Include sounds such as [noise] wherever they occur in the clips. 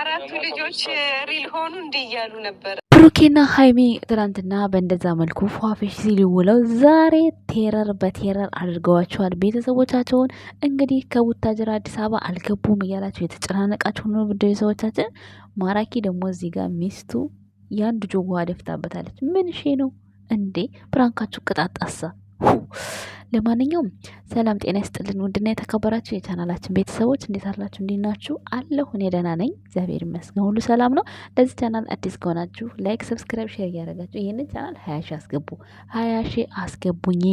አራቱ ልጆች ሪል ሆኑ እንዲህ እያሉ ነበረ። ብሩኬና ሀይሚ ትናንትና በእንደዛ መልኩ ፏፌሽ ሲል ውለው ዛሬ ቴረር በቴረር አድርገዋቸዋል። ቤተሰቦቻቸውን እንግዲህ ከቡታጀራ አዲስ አበባ አልገቡም እያላቸው የተጨናነቃቸው ነው ቤተሰቦቻችን። ማራኪ ደግሞ እዚህ ጋር ሚስቱ የአንድ ጆጓ ደፍታበታለች። ምን ሼ ነው እንዴ? ብራንካችሁ ቅጣጣሳ። ለማንኛውም ሰላም ጤና ይስጥልን ውድና የተከበራችሁ የቻናላችን ቤተሰቦች እንዴት አላችሁ? እንዴት ናችሁ? አለሁ እኔ ደህና ነኝ፣ እግዚአብሔር ይመስገን፣ ሁሉ ሰላም ነው። ለዚህ ቻናል አዲስ ከሆናችሁ ላይክ፣ ሰብስክራይብ፣ ሼር እያደረጋችሁ ይህንን ቻናል ሀያ ሺ አስገቡ፣ ሀያ ሺ አስገቡኝ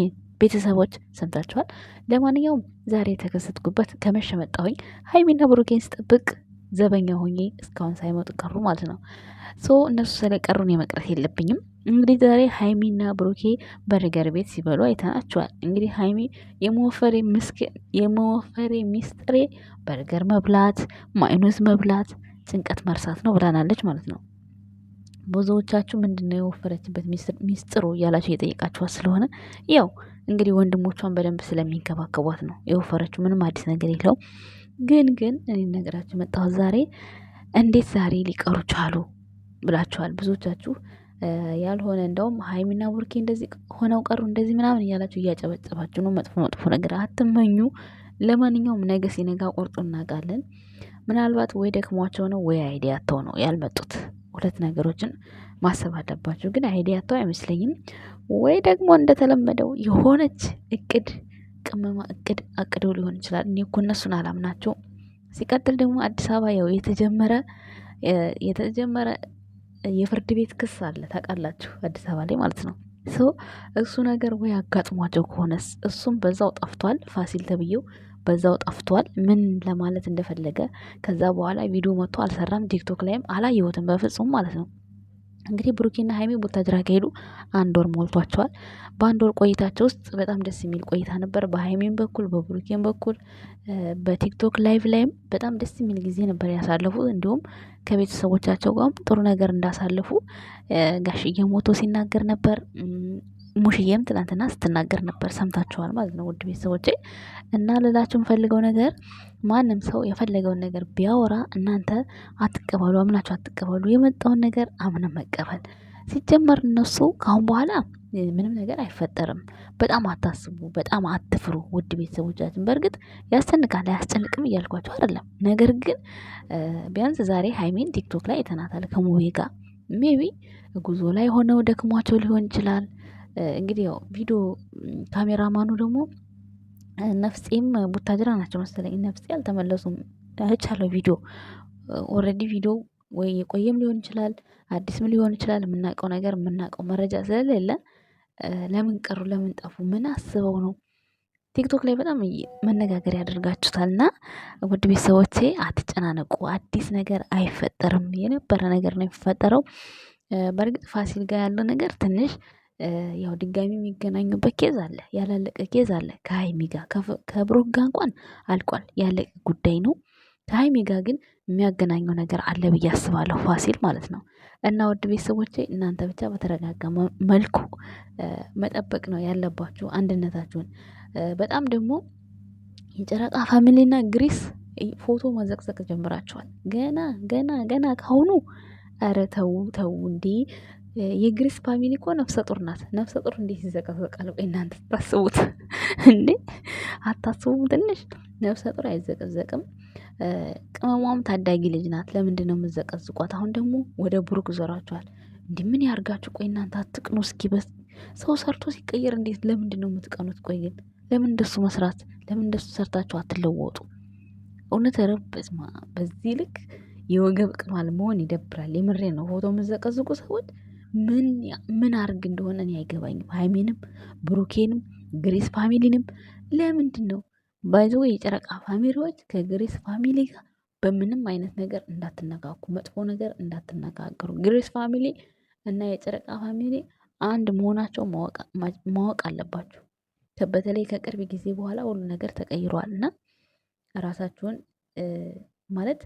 ቤተሰቦች ሰምታችኋል። ለማንኛውም ዛሬ የተከሰትኩበት ከመሸ መጣሁኝ ሀይሚና ብሩኬን ስጠብቅ ዘበኛ ሆኜ እስካሁን ሳይመጡ ቀሩ ማለት ነው። ሶ እነሱ ስለቀሩን የመቅረት የለብኝም። እንግዲህ ዛሬ ሀይሚና ብሩኬ በርገር ቤት ሲበሉ አይተናቸዋል። እንግዲህ ሀይሚ የመወፈሬ ሚስጥሬ በርገር መብላት፣ ማይኖዝ መብላት ጭንቀት መርሳት ነው ብላናለች ማለት ነው። ብዙዎቻችሁ ምንድን ነው የወፈረችበት ሚስጥሩ እያላችሁ የጠየቃችኋት ስለሆነ ያው እንግዲህ ወንድሞቿን በደንብ ስለሚንከባከቧት ነው የወፈረችው። ምንም አዲስ ነገር የለውም። ግን ግን እኔ ነገራችሁ መጣሁት ዛሬ እንዴት ዛሬ ሊቀሩ ቻሉ ብላችኋል ብዙዎቻችሁ። ያልሆነ እንደውም ሀይሚና ቡርኬ እንደዚህ ሆነው ቀሩ እንደዚህ ምናምን እያላችሁ እያጨበጨባችሁ ነው። መጥፎ መጥፎ ነገር አትመኙ። ለማንኛውም ነገ ሲነጋ ቆርጦ እናውቃለን። ምናልባት ወይ ደክሟቸው ነው ወይ አይዲያተው ነው ያልመጡት። ሁለት ነገሮችን ማሰብ አለባቸው ግን አይዲያተው አይመስለኝም። ወይ ደግሞ እንደተለመደው የሆነች እቅድ ቅመማ እቅድ አቅደው ሊሆን ይችላል። እኔ እኮ እነሱን አላምናቸው። ሲቀጥል ደግሞ አዲስ አበባ ያው የተጀመረ የተጀመረ የፍርድ ቤት ክስ አለ ታውቃላችሁ፣ አዲስ አበባ ላይ ማለት ነው። ሶ እሱ ነገር ወይ አጋጥሟቸው ከሆነስ እሱም በዛው ጠፍቷል። ፋሲል ተብዬው በዛው ጠፍቷል። ምን ለማለት እንደፈለገ ከዛ በኋላ ቪዲዮ መጥቶ አልሰራም። ቲክቶክ ላይም አላየሁትም በፍጹም ማለት ነው። እንግዲህ ብሩኬና ሀይሚ ቡታጅራ ከሄዱ አንድ ወር ሞልቷቸዋል። በአንድ ወር ቆይታቸው ውስጥ በጣም ደስ የሚል ቆይታ ነበር። በሀይሚም በኩል በብሩኬም በኩል በቲክቶክ ላይቭ ላይም በጣም ደስ የሚል ጊዜ ነበር ያሳለፉ። እንዲሁም ከቤተሰቦቻቸው ጋርም ጥሩ ነገር እንዳሳለፉ ጋሽ እየሞቶ ሲናገር ነበር። ሙሽዬም ትናንትና ስትናገር ነበር ሰምታችኋል ማለት ነው ውድ ቤተሰቦቼ። እና ልላችሁ የምፈልገው ነገር ማንም ሰው የፈለገውን ነገር ቢያወራ እናንተ አትቀበሉ፣ አምናችሁ አትቀበሉ። የመጣውን ነገር አምነ መቀበል ሲጀመር እነሱ ከአሁን በኋላ ምንም ነገር አይፈጠርም። በጣም አታስቡ፣ በጣም አትፍሩ ውድ ቤተሰቦቻችን። በእርግጥ ያስጨንቃል አያስጨንቅም እያልኳቸው አይደለም። ነገር ግን ቢያንስ ዛሬ ሀይሜን ቲክቶክ ላይ የተናታል ከሙቤ ጋር ሜቢ ጉዞ ላይ ሆነው ደክሟቸው ሊሆን ይችላል እንግዲህ ያው ቪዲዮ ካሜራማኑ ደግሞ ነፍሴም ቡታጅራ ናቸው መሰለኝ። ነፍሴ አልተመለሱም አይቻለሁ። ቪዲዮ ኦልሬዲ ቪዲዮ ወይ የቆየም ሊሆን ይችላል፣ አዲስም ሊሆን ይችላል። የምናውቀው ነገር የምናውቀው መረጃ ስለሌለ ለምን ቀሩ፣ ለምን ጠፉ፣ ምን አስበው ነው? ቲክቶክ ላይ በጣም መነጋገር ያደርጋችሁታል። እና ውድ ቤተሰቦቼ አትጨናነቁ፣ አዲስ ነገር አይፈጠርም። የነበረ ነገር ነው የሚፈጠረው። በእርግጥ ፋሲል ጋር ያለው ነገር ትንሽ ያው ድጋሚ የሚገናኙበት ኬዝ አለ፣ ያላለቀ ኬዝ አለ። ከሀይሚ ጋ ከብሩክ እንኳን አልቋል፣ ያለቀ ጉዳይ ነው። ከሀይሚ ጋ ግን የሚያገናኘው ነገር አለ ብዬ አስባለሁ፣ ፋሲል ማለት ነው። እና ውድ ቤተሰቦቼ እናንተ ብቻ በተረጋጋ መልኩ መጠበቅ ነው ያለባችሁ አንድነታችሁን። በጣም ደግሞ የጨረቃ ፋሚሊና ግሪስ ፎቶ መዘቅዘቅ ጀምራችኋል። ገና ገና ገና ካሁኑ ኧረ ተው ተው እንዴ! የግሪስ ፋሚሊ እኮ ነፍሰ ጡር ናት። ነፍሰ ጡር እንዴት ይዘቀዘቃል? ቆይ እናንተ ታስቡት [laughs] እንዴ? አታስቡም? ትንሽ ነፍሰ ጡር አይዘቀዘቅም። ቅመሟም ታዳጊ ልጅ ናት። ለምንድን ነው የምዘቀዝቋት? አሁን ደግሞ ወደ ብሩክ ዞራችኋል። እንዲ ምን ያርጋችሁ? ቆይ እናንተ አትቅኑ እስኪ። በስ ሰው ሰርቶ ሲቀየር እንዴት ለምንድን ነው የምትቀኑት? ቆይ ግን ለምን እንደሱ መስራት ለምን እንደሱ ሰርታችሁ አትለወጡ? እውነት ረበዝ በዚህ ልክ የወገብ ቅማል መሆን ይደብራል። የምሬ ነው። ፎቶ የምዘቀዝቁ ሰዎች ምን አርግ እንደሆነ እኔ አይገባኝም። ሀይሜንም ብሩኬንም ግሬስ ፋሚሊንም ለምንድን ነው ባይዞ የጨረቃ ፋሚሊዎች ከግሬስ ፋሚሊ ጋር በምንም አይነት ነገር እንዳትነጋኩ፣ መጥፎ ነገር እንዳትነጋገሩ። ግሬስ ፋሚሊ እና የጨረቃ ፋሚሊ አንድ መሆናቸው ማወቅ አለባችሁ። በተለይ ከቅርብ ጊዜ በኋላ ሁሉ ነገር ተቀይሯል እና ራሳችሁን ማለት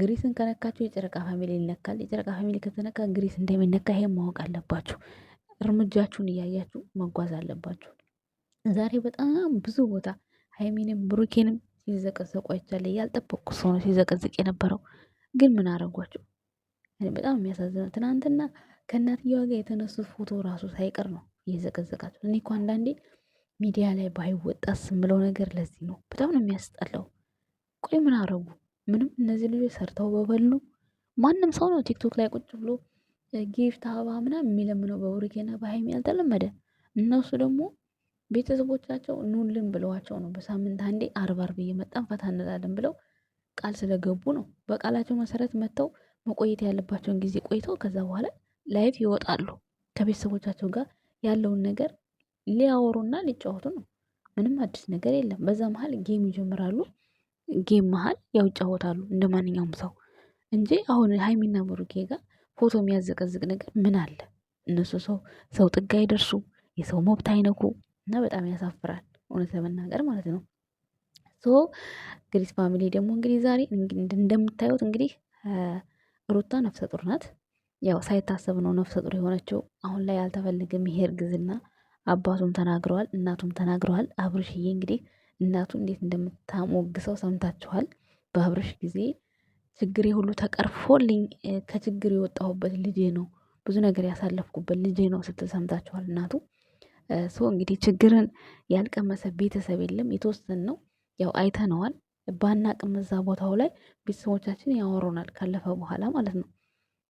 ግሪስን ከነካችሁ የጨረቃ ፋሚሊ ይነካል። የጨረቃ ፋሚሊ ከተነካ ግሪስ እንደሚነካ ይሄን ማወቅ አለባችሁ። እርምጃችሁን እያያችሁ መጓዝ አለባችሁ። ዛሬ በጣም ብዙ ቦታ ሀይሚንም ብሩኬንም ሲዘቀዘቁ አይቻለ። ያልጠበቅኩ ሰው ነው ሲዘቀዝቅ የነበረው ግን ምን አረጓቸው? በጣም የሚያሳዝነው ትናንትና ከእናትየዋ ጋር የተነሱት ፎቶ ራሱ ሳይቀር ነው እየዘቀዘቃቸው። እኔ እኮ አንዳንዴ ሚዲያ ላይ ባይወጣስ የምለው ነገር ለዚህ ነው። በጣም ነው የሚያስጠላው። ቆይ ምን አረጉ? ምንም እነዚህ ልጆች ሰርተው በበሉ ማንም ሰው ነው ቲክቶክ ላይ ቁጭ ብሎ ጊፍት አበባ ምናምን የሚለምነው በብሩኬና በሀይሚ ያልተለመደ። እነሱ ደግሞ ቤተሰቦቻቸው ኑልን ብለዋቸው ነው በሳምንት አንዴ አርብ አርብ እየመጣን ፈታ እንላለን ብለው ቃል ስለገቡ ነው። በቃላቸው መሰረት መጥተው መቆየት ያለባቸውን ጊዜ ቆይተው ከዛ በኋላ ላይፍ ይወጣሉ። ከቤተሰቦቻቸው ጋር ያለውን ነገር ሊያወሩና ሊጫወቱ ነው። ምንም አዲስ ነገር የለም። በዛ መሀል ጌም ይጀምራሉ። ጌም መሀል ያው ይጫወታሉ እንደ ማንኛውም ሰው እንጂ አሁን ሃይሚና ብሩኬ ጋር ፎቶ የሚያዘቀዝቅ ነገር ምን አለ? እነሱ ሰው ሰው ጥግ አይደርሱ፣ የሰው መብት አይነኩ እና በጣም ያሳፍራል። እውነት ለመናገር ማለት ነው። ሶ ግሪስ ፋሚሊ ደግሞ እንግዲህ ዛሬ እንደምታዩት እንግዲህ ሩታ ነፍሰ ጡር ናት። ያው ሳይታሰብ ነው ነፍሰ ጡር የሆነችው። አሁን ላይ አልተፈለገም ይሄ እርግዝና። አባቱም ተናግረዋል፣ እናቱም ተናግረዋል። አብርሽዬ እንግዲህ እናቱ እንዴት እንደምታሞግሰው ሰምታችኋል። በአብርሽ ጊዜ ችግሬ ሁሉ ተቀርፎልኝ ከችግር የወጣሁበት ልጄ ነው፣ ብዙ ነገር ያሳለፍኩበት ልጄ ነው ስትል ሰምታችኋል እናቱ። ሶ እንግዲህ ችግርን ያልቀመሰ ቤተሰብ የለም። የተወሰን ነው ያው አይተነዋል። ባናቅም እዛ ቦታው ላይ ቤተሰቦቻችን ያወሩናል ካለፈ በኋላ ማለት ነው።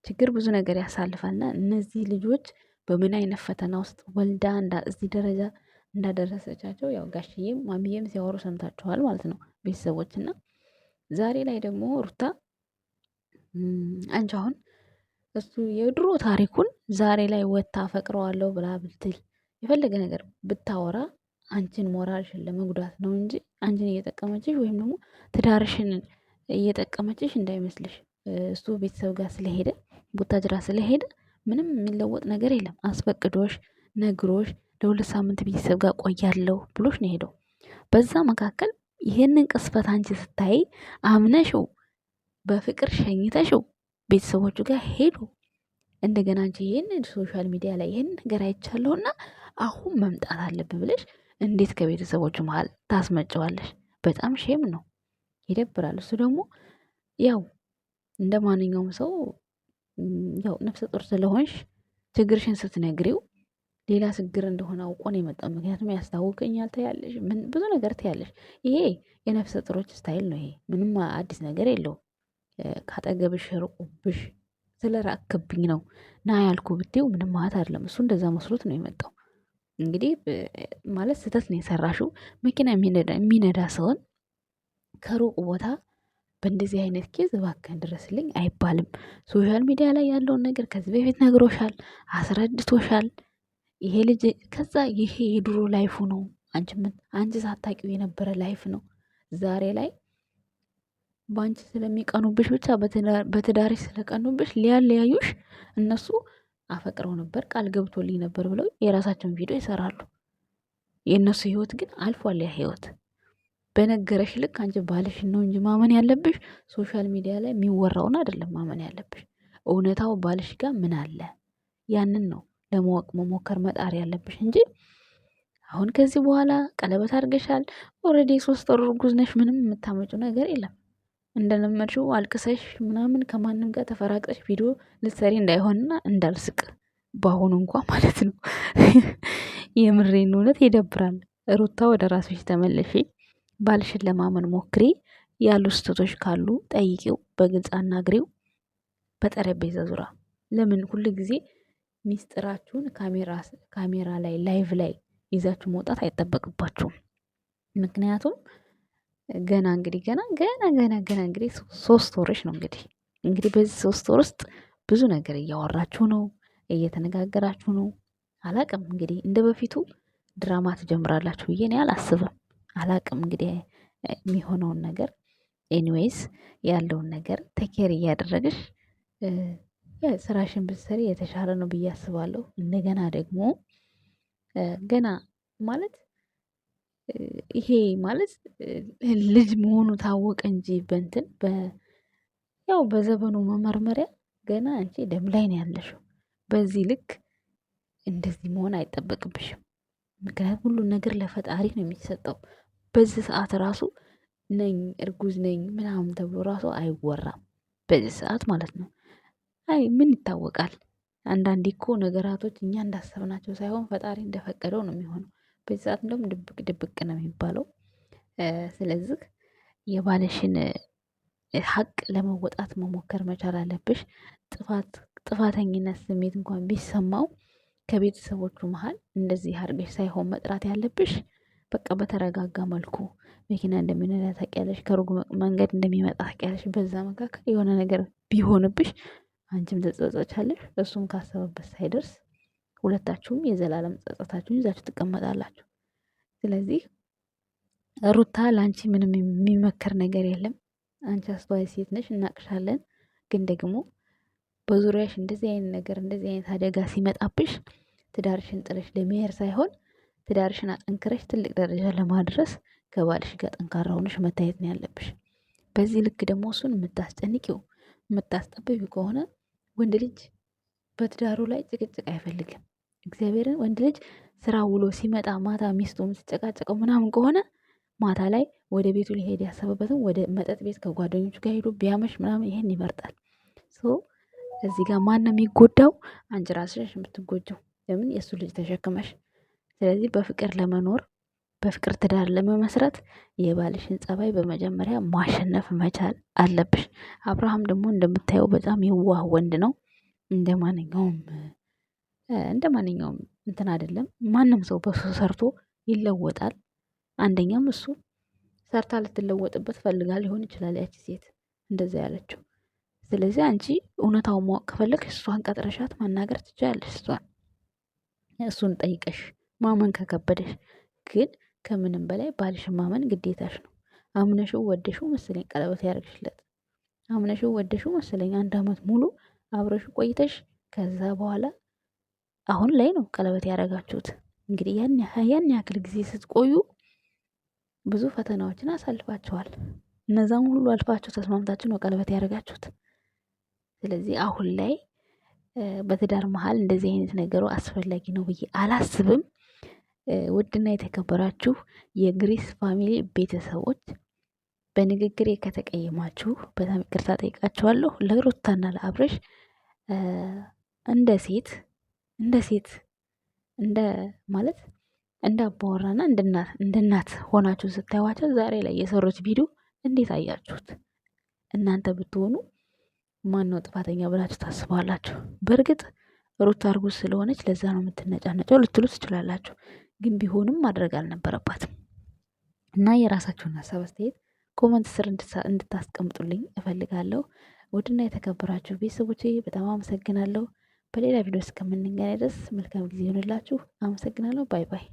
ችግር ብዙ ነገር ያሳልፋልና እነዚህ ልጆች በምን አይነት ፈተና ውስጥ ወልዳ እንዳ እዚህ ደረጃ እንዳደረሰቻቸው ያው ጋሽዬም ማሚዬም ሲያወሩ ሰምታችኋል ማለት ነው ቤተሰቦች። እና ዛሬ ላይ ደግሞ ሩታ አንቺ አሁን እሱ የድሮ ታሪኩን ዛሬ ላይ ወታ ፈቅረዋለሁ ብላ ብትል የፈለገ ነገር ብታወራ አንቺን ሞራልሽን ለመጉዳት ነው እንጂ አንቺን እየጠቀመችሽ ወይም ደግሞ ትዳርሽን እየጠቀመችሽ እንዳይመስልሽ። እሱ ቤተሰብ ጋር ስለሄደ ቡታጅራ ስለሄደ ምንም የሚለወጥ ነገር የለም። አስፈቅዶሽ ነግሮሽ ለሁለት ሳምንት ቤተሰብ ጋር ቆያለሁ ብሎሽ ነው ሄደው። በዛ መካከል ይሄንን ቅስፈት አንቺ ስታይ አምነሽው በፍቅር ሸኝተሽው ቤተሰቦቹ ጋር ሄዱ። እንደገና አንቺ ይሄን ሶሻል ሚዲያ ላይ ይሄን ነገር አይቻለሁና አሁን መምጣት አለብ ብለሽ እንዴት ከቤተሰቦቹ መሀል ታስመጨዋለሽ? በጣም ሼም ነው፣ ይደብራል። እሱ ደግሞ ያው እንደ ማንኛውም ሰው ያው ነፍሰ ጡር ስለሆንሽ ችግርሽን ስትነግሪው ሌላ ችግር እንደሆነ አውቆ ነው የመጣው። ምክንያቱም ያስታውቀኛል ታያለሽ፣ ምን ብዙ ነገር ታያለሽ። ይሄ የነፍሰ ጥሮች ስታይል ነው። ይሄ ምንም አዲስ ነገር የለው። ካጠገብሽ ርቁብሽ ስለራከብኝ ነው ና ያልኩ ብቴው ምንም ማለት አይደለም። እሱ እንደዛ መስሎት ነው የመጣው። እንግዲህ ማለት ስህተት ነው የሰራሽው። መኪና የሚነዳ ሰውን ከሩቅ ቦታ በእንደዚህ አይነት ኬዝ እባክህን ድረስልኝ አይባልም። ሶሻል ሚዲያ ላይ ያለውን ነገር ከዚህ በፊት ነግሮሻል፣ አስረድቶሻል። ይሄ ልጅ ከዛ ይሄ የድሮ ላይፉ ነው። አንቺ ምን አንቺ ሳታቂው የነበረ ላይፍ ነው። ዛሬ ላይ በአንቺ ስለሚቀኑብሽ ብቻ በትዳርሽ ስለቀኑብሽ ሊያለያዩሽ እነሱ አፈቅረው ነበር ቃል ገብቶልኝ ነበር ብለው የራሳቸውን ቪዲዮ ይሰራሉ። የእነሱ ህይወት ግን አልፏል። ያ ህይወት በነገረሽ ልክ አንቺ ባልሽን ነው እንጂ ማመን ያለብሽ ሶሻል ሚዲያ ላይ የሚወራውን አይደለም ማመን ያለብሽ። እውነታው ባልሽ ጋር ምን አለ? ያንን ነው ለማወቅ መሞከር መጣር ያለብሽ እንጂ አሁን ከዚህ በኋላ ቀለበት አድርገሻል ኦልሬዲ ሶስት ወር እርጉዝ ነሽ። ምንም የምታመጩ ነገር የለም። እንደለመድሽው አልቅሰሽ ምናምን ከማንም ጋር ተፈራቅጠሽ ቪዲዮ ልትሰሪ እንዳይሆንና እንዳልስቅ በአሁኑ እንኳ ማለት ነው። [laughs] የምሬን እውነት ይደብራል። ሩታ ወደ ራስሽ ተመለሽ። ባልሽን ለማመን ሞክሪ። ያሉ ስህተቶች ካሉ ጠይቂው፣ በግልጽ አናግሪው። በጠረጴዛ ዙሪያ ለምን ሁል ጊዜ ሚስጥራችሁን ካሜራ ላይ ላይቭ ላይ ይዛችሁ መውጣት አይጠበቅባችሁም። ምክንያቱም ገና እንግዲህ ገና ገና ገና ገና እንግዲህ ሶስት ወርሽ ነው እንግዲህ እንግዲህ በዚህ ሶስት ወር ውስጥ ብዙ ነገር እያወራችሁ ነው፣ እየተነጋገራችሁ ነው። አላቅም እንግዲህ እንደ በፊቱ ድራማ ትጀምራላችሁ ብዬ እኔ አላስብም። አላቅም እንግዲህ የሚሆነውን ነገር ኤኒዌይስ ያለውን ነገር ተኬር እያደረግሽ ስራሽን ብትሰሪ የተሻለ ነው ብዬ አስባለሁ። እንደገና ደግሞ ገና ማለት ይሄ ማለት ልጅ መሆኑ ታወቀ እንጂ በእንትን ያው በዘመኑ መመርመሪያ ገና አንቺ ደም ላይ ነው ያለሽው። በዚህ ልክ እንደዚህ መሆን አይጠበቅብሽም። ምክንያት ሁሉን ነገር ለፈጣሪ ነው የሚሰጠው። በዚህ ሰዓት ራሱ ነኝ እርጉዝ ነኝ ምናምን ተብሎ ራሱ አይወራም። በዚህ ሰዓት ማለት ነው። አይ ምን ይታወቃል? አንዳንዴ እኮ ነገራቶች እኛ እንዳሰብናቸው ሳይሆን ፈጣሪ እንደፈቀደው ነው የሚሆነው። በዚህ ሰዓት እንደውም ድብቅ ድብቅ ነው የሚባለው። ስለዚህ የባለሽን ሀቅ ለመወጣት መሞከር መቻል አለብሽ። ጥፋት ጥፋተኝነት ስሜት እንኳን ቢሰማው ከቤተሰቦቹ መሀል እንደዚህ አድርገሽ ሳይሆን መጥራት ያለብሽ በቃ በተረጋጋ መልኩ መኪና እንደሚነዳ ታውቂያለሽ፣ ከሩቅ መንገድ እንደሚመጣ ታውቂያለሽ። በዛ መካከል የሆነ ነገር ቢሆንብሽ አንቺም ትጸጸቻለሽ፣ እሱም ካሰበበት ሳይደርስ ሁለታችሁም የዘላለም ጸጸታችሁን ይዛችሁ ትቀመጣላችሁ። ስለዚህ ሩታ ለአንቺ ምንም የሚመከር ነገር የለም። አንቺ አስተዋይ ሴት ነሽ፣ እናቅሻለን። ግን ደግሞ በዙሪያሽ እንደዚህ አይነት ነገር እንደዚህ አይነት አደጋ ሲመጣብሽ ትዳርሽን ጥለሽ ለመሄድ ሳይሆን ትዳርሽን አጠንክረሽ ትልቅ ደረጃ ለማድረስ ከባልሽ ጋር ጠንካራ ሆነሽ መታየት ነው ያለብሽ። በዚህ ልክ ደግሞ እሱን የምታስጨንቂው የምታስጠብቢ ከሆነ ወንድ ልጅ በትዳሩ ላይ ጭቅጭቅ አይፈልግም። እግዚአብሔርን ወንድ ልጅ ስራ ውሎ ሲመጣ ማታ ሚስቱ የምትጨቃጨቀው ምናምን ከሆነ ማታ ላይ ወደ ቤቱ ሊሄድ ያሰበበትም ወደ መጠጥ ቤት ከጓደኞቹ ጋር ሄዶ ቢያመሽ ምናምን ይሄን ይመርጣል። እዚህ ጋር ማን ነው የሚጎዳው? አንቺ ራስሽ የምትጎጀው። ለምን የእሱ ልጅ ተሸክመሽ። ስለዚህ በፍቅር ለመኖር በፍቅር ትዳር ለመመስረት የባልሽን ፀባይ በመጀመሪያ ማሸነፍ መቻል አለብሽ። አብርሃም ደግሞ እንደምታየው በጣም የዋህ ወንድ ነው። እንደ ማንኛውም እንደ ማንኛውም እንትን አይደለም። ማንም ሰው በሱ ሰርቶ ይለወጣል። አንደኛም እሱ ሰርታ ልትለወጥበት ፈልጋ ሊሆን ይችላል ያቺ ሴት እንደዛ ያለችው። ስለዚህ አንቺ እውነታውን ማወቅ ከፈለግሽ እሷን ቀጥረሻት ማናገር ትችላለሽ። እሷን እሱን ጠይቀሽ ማመን ከከበደሽ ግን ከምንም በላይ ባልሽን ማመን ግዴታሽ ነው። አምነሽው ወደሽው መሰለኝ ቀለበት ያደረግሽለት። አምነሽው ወደሽው መሰለኝ አንድ አመት ሙሉ አብረሽ ቆይተሽ ከዛ በኋላ አሁን ላይ ነው ቀለበት ያደረጋችሁት። እንግዲህ ያን ያክል ጊዜ ስትቆዩ ብዙ ፈተናዎችን አሳልፋችኋል። እነዛም ሁሉ አልፋችሁ ተስማምታችሁ ነው ቀለበት ያደረጋችሁት። ስለዚህ አሁን ላይ በትዳር መሀል እንደዚህ አይነት ነገሩ አስፈላጊ ነው ብዬ አላስብም። ውድና የተከበራችሁ የግሪስ ፋሚሊ ቤተሰቦች በንግግሬ ከተቀየማችሁ በጣም ይቅርታ ጠይቃችኋለሁ። ለሩታና ለአብርሽ እንደ ሴት እንደ ሴት እንደ ማለት እንደ አባወራና እንደ እናት ሆናችሁ ስታዩዋቸው ዛሬ ላይ የሰሩት ቪዲዮ እንዴት አያችሁት? እናንተ ብትሆኑ ማንነው ጥፋተኛ ብላችሁ ታስባላችሁ? በእርግጥ ሩት አርጉዝ ስለሆነች ለዛ ነው የምትነጫነጨው ልትሉ ትችላላችሁ። ግን ቢሆንም ማድረግ አልነበረባትም። እና የራሳችሁን ሀሳብ አስተያየት ኮመንት ስር እንድታስቀምጡልኝ እፈልጋለሁ። ውድና የተከበራችሁ ቤተሰቦች በጣም አመሰግናለሁ። በሌላ ቪዲዮ እስከምንገናኝ ድረስ መልካም ጊዜ ይሆንላችሁ። አመሰግናለሁ። ባይ ባይ